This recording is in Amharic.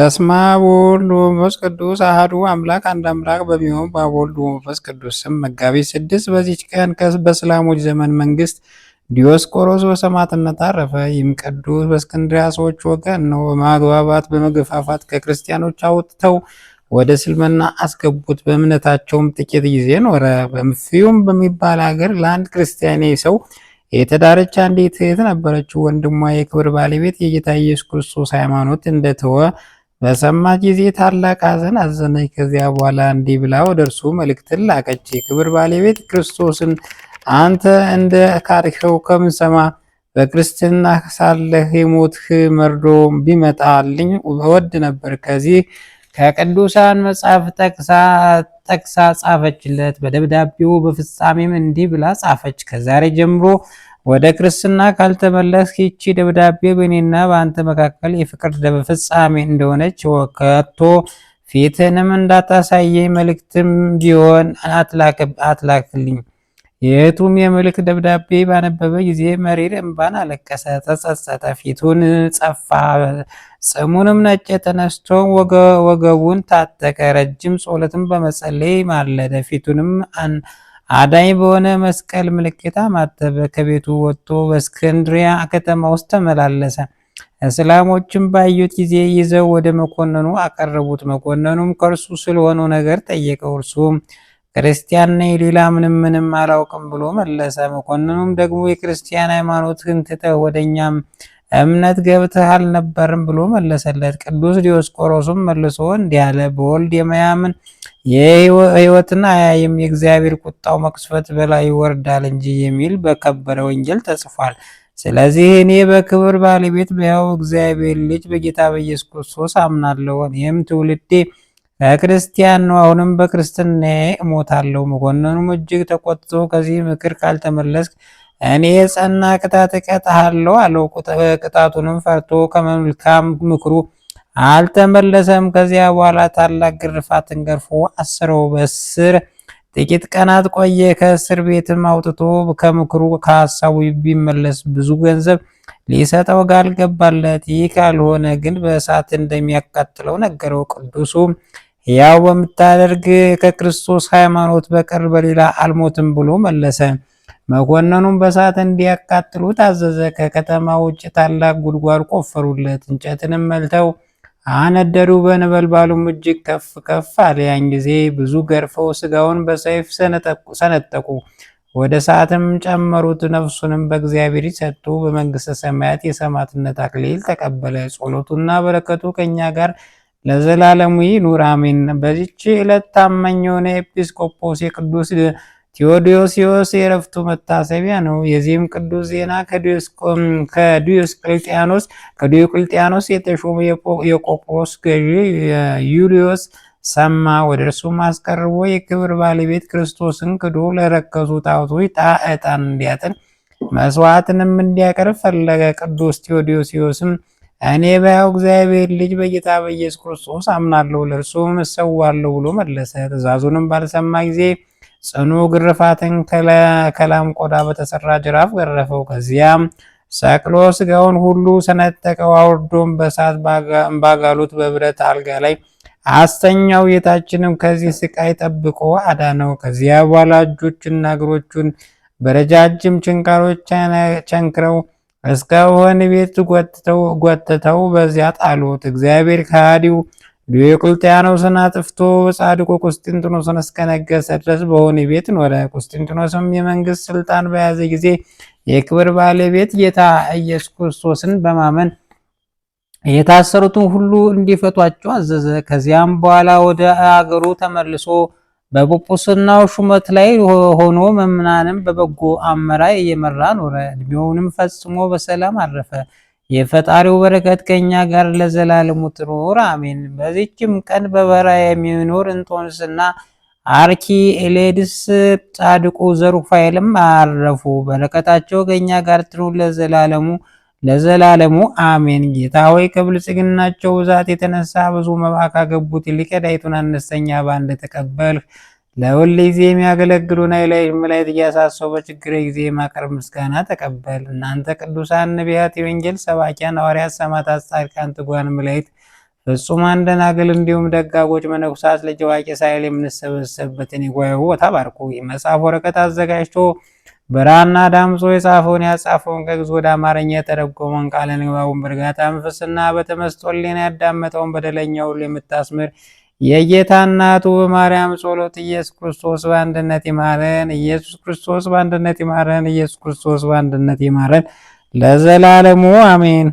በስመ አብ ወወልድ ወመንፈስ ቅዱስ አሐዱ አምላክ አንድ አምላክ በሚሆን በአብ ወልድ ወመንፈስ ቅዱስ ስም መጋቢት ስድስት በዚች ቀን በእስላሞች ዘመን መንግስት ዲዮስቆሮስ በሰማዕትነት አረፈ። ይህም ቅዱስ በእስክንድሪያ ሰዎች ወገን ነው። በማግባባት በመገፋፋት ከክርስቲያኖች አውጥተው ወደ እስልምና አስገቡት። በእምነታቸውም ጥቂት ጊዜ ኖረ። በምፊዩም በሚባል ሀገር ለአንድ ክርስቲያኔ ሰው የተዳረች አንዲት እህት ነበረችው። ወንድሟ የክብር ባለቤት የጌታ ኢየሱስ ክርስቶስ ሃይማኖት እንደተወ በሰማ ጊዜ ታላቅ ሐዘን አዘነች። ከዚያ በኋላ እንዲህ ብላ ወደ እርሱ መልእክትን ላቀች። የክብር ባለቤት ክርስቶስን አንተ እንደ ካድኸው ከምሰማ በክርስትና ሳለህ የሞትህ መርዶ ቢመጣልኝ እወድ ነበር። ከዚህ ከቅዱሳን መጽሐፍ ጠቅሳ ጻፈችለት። በደብዳቤው በፍጻሜም እንዲህ ብላ ጻፈች። ከዛሬ ጀምሮ ወደ ክርስትና ካልተመለስክ ይቺ ደብዳቤ በእኔና በአንተ መካከል የፍቅር ፍጻሜ እንደሆነች ከቶ ፊትህንም እንዳታሳየኝ መልእክትም ቢሆን አትላክልኝ። የቱም የመልእክት ደብዳቤ ባነበበ ጊዜ መሪር እምባን አለቀሰ፣ ተጸጸተ፣ ፊቱን ጸፋ፣ ጽሙንም ነጨ። ተነስቶ ወገቡን ታጠቀ፣ ረጅም ጾለትም በመጸለይ ማለደ፣ ፊቱንም አዳኝ በሆነ መስቀል ምልክት አማተበ። ከቤቱ ወጥቶ በእስክንድሪያ ከተማ ውስጥ ተመላለሰ። እስላሞችም ባዩት ጊዜ ይዘው ወደ መኮንኑ አቀረቡት። መኮንኑም ከእርሱ ስለሆኑ ነገር ጠየቀው። እርሱም ክርስቲያን ነኝ፣ ሌላ ምንም ምንም አላውቅም ብሎ መለሰ። መኮንኑም ደግሞ የክርስቲያን ሃይማኖትህን ትተህ ወደ እኛም እምነት ገብተህ አልነበርም ብሎ መለሰለት። ቅዱስ ዲዮስቆሮስም መልሶ እንዲህ አለ፣ በወልድ የማያምን የህይወትና አያይም የእግዚአብሔር ቁጣው መቅስፈት በላይ ይወርዳል እንጂ የሚል በከበረ ወንጌል ተጽፏል። ስለዚህ እኔ በክብር ባለቤት በሕያው እግዚአብሔር ልጅ በጌታ በኢየሱስ ክርስቶስ አምናለሁ። ይህም ትውልዴ ከክርስቲያን ነው፣ አሁንም በክርስትና እሞታለሁ። መኮንኑም እጅግ ተቆጥቶ ከዚህ ምክር ካልተመለስክ እኔ የጸና ቅጣት እቀጣሃለሁ አለው። ቅጣቱንም ፈርቶ ከመልካም ምክሩ አልተመለሰም። ከዚያ በኋላ ታላቅ ግርፋትን ገርፎ አስረው በስር ጥቂት ቀናት ቆየ። ከእስር ቤትም አውጥቶ ከምክሩ ከሀሳቡ ቢመለስ ብዙ ገንዘብ ሊሰጠው ቃል ገባለት። ይህ ካልሆነ ግን በእሳት እንደሚያቃጥለው ነገረው። ቅዱሱ ያው በምታደርግ ከክርስቶስ ሃይማኖት በቀር በሌላ አልሞትም ብሎ መለሰ። መኮንኑም በሰዓት እንዲያቃጥሉ ታዘዘ። ከከተማ ውጭ ታላቅ ጉድጓድ ቆፈሩለት፣ እንጨትንም መልተው አነደዱ። በነበልባሉም እጅግ ከፍ ከፍ አለ። ያን ጊዜ ብዙ ገርፈው ስጋውን በሰይፍ ሰነጠቁ፣ ወደ ሰዓትም ጨመሩት። ነፍሱንም በእግዚአብሔር ሰጡ። በመንግሥተ ሰማያት የሰማዕትነት አክሊል ተቀበለ። ጸሎቱና በረከቱ ከእኛ ጋር ለዘላለሙ ይኑር አሜን። በዚች ዕለት ታማኝ የሆነ ኤጲስቆጶስ የቅዱስ ቴዎዶሲዎስ የዕረፍቱ መታሰቢያ ነው። የዚህም ቅዱስ ዜና ከዲዮስቅልጥያኖስ ከዲዮቅልጥያኖስ የተሾመ የቆቆስ ገዢ ዩልዮስ ሰማ። ወደ እርሱም አስቀርቦ የክብር ባለቤት ክርስቶስን ክዶ ለረከሱ ጣዖቶች ዕጣን እንዲያጥን መስዋዕትንም እንዲያቀርብ ፈለገ። ቅዱስ ቴዎዶሲዎስም እኔ በያው እግዚአብሔር ልጅ በጌታ በኢየሱስ ክርስቶስ አምናለሁ፣ ለእርሱም እሰዋለሁ ብሎ መለሰ። ትእዛዙንም ባልሰማ ጊዜ ጽኑ ግርፋትን ከላም ቆዳ በተሰራ ጅራፍ ገረፈው። ከዚያም ሰቅሎ ስጋውን ሁሉ ሰነጠቀው። አውርዶም በእሳት ባጋሉት በብረት አልጋ ላይ አስተኛው። ጌታችንም ከዚህ ስቃይ ጠብቆ አዳነው። ከዚያ በኋላ እጆችና እግሮቹን በረጃጅም ችንካሮች ቸንክረው እስከ ወህኒ ቤት ጎትተው በዚያ ጣሉት። እግዚአብሔር ከሃዲው ዲዮቅልጥያኖስን አጥፍቶ በጻድቁ ቁስጥንጥኖስን እስከነገሰ ድረስ በወህኒ ቤት ኖረ። ቁስጥንጥኖስም የመንግስት ስልጣን በያዘ ጊዜ የክብር ባለቤት ጌታ ኢየሱስ ክርስቶስን በማመን የታሰሩትን ሁሉ እንዲፈቷቸው አዘዘ። ከዚያም በኋላ ወደ አገሩ ተመልሶ በጵጵስናው ሹመት ላይ ሆኖ መምናንም በበጎ አመራ እየመራ ኖረ። እድሜውንም ፈጽሞ በሰላም አረፈ። የፈጣሪው በረከት ከኛ ጋር ለዘላለሙ ትኑር አሜን። በዚችም ቀን በበራ የሚኖር እንጦንስና አርኪ ኤሌድስ ጻድቁ ዘሩፋኤልም አረፉ። በረከታቸው ከኛ ጋር ትኑር ለዘላለሙ ለዘላለሙ አሜን። ጌታ ሆይ ከብልጽግናቸው ብዛት የተነሳ ብዙ መባ ካገቡት ይልቅ የዳይቱን አነስተኛ ባንድ ተቀበልህ። ለሁል ጊዜ የሚያገለግሉና የላይሽ መላእክት እያሳሰቡ በችግር ጊዜ የማቀርብ ምስጋና ተቀበል። እናንተ ቅዱሳን ነቢያት፣ የወንጌል ሰባኪያን ሐዋርያት፣ ሰማዕታት፣ ጻድቃን፣ ትጉሃን መላእክት ፍጹማን ደናግል፣ እንዲሁም ደጋጎች መነኩሳት ልጅ አዋቂ ሳይል የምንሰበሰብበትን የጉባኤ ቦታ ባርኩ። የመጽሐፍ ወረቀት አዘጋጅቶ ብራና ዳምጾ የጻፈውን ያጻፈውን ከግዕዝ ወደ አማርኛ የተረጎመውን ቃለ ንባቡን በእርጋታ መንፈስና በተመስጦ ሕሊና ያዳመጠውን በደለኛ ሁሉ የምታስምር የጌታ እናቱ ማርያም ጸሎት ኢየሱስ ክርስቶስ በአንድነት ይማረን። ኢየሱስ ክርስቶስ በአንድነት ይማረን። ኢየሱስ ክርስቶስ በአንድነት ይማረን ለዘላለሙ አሜን።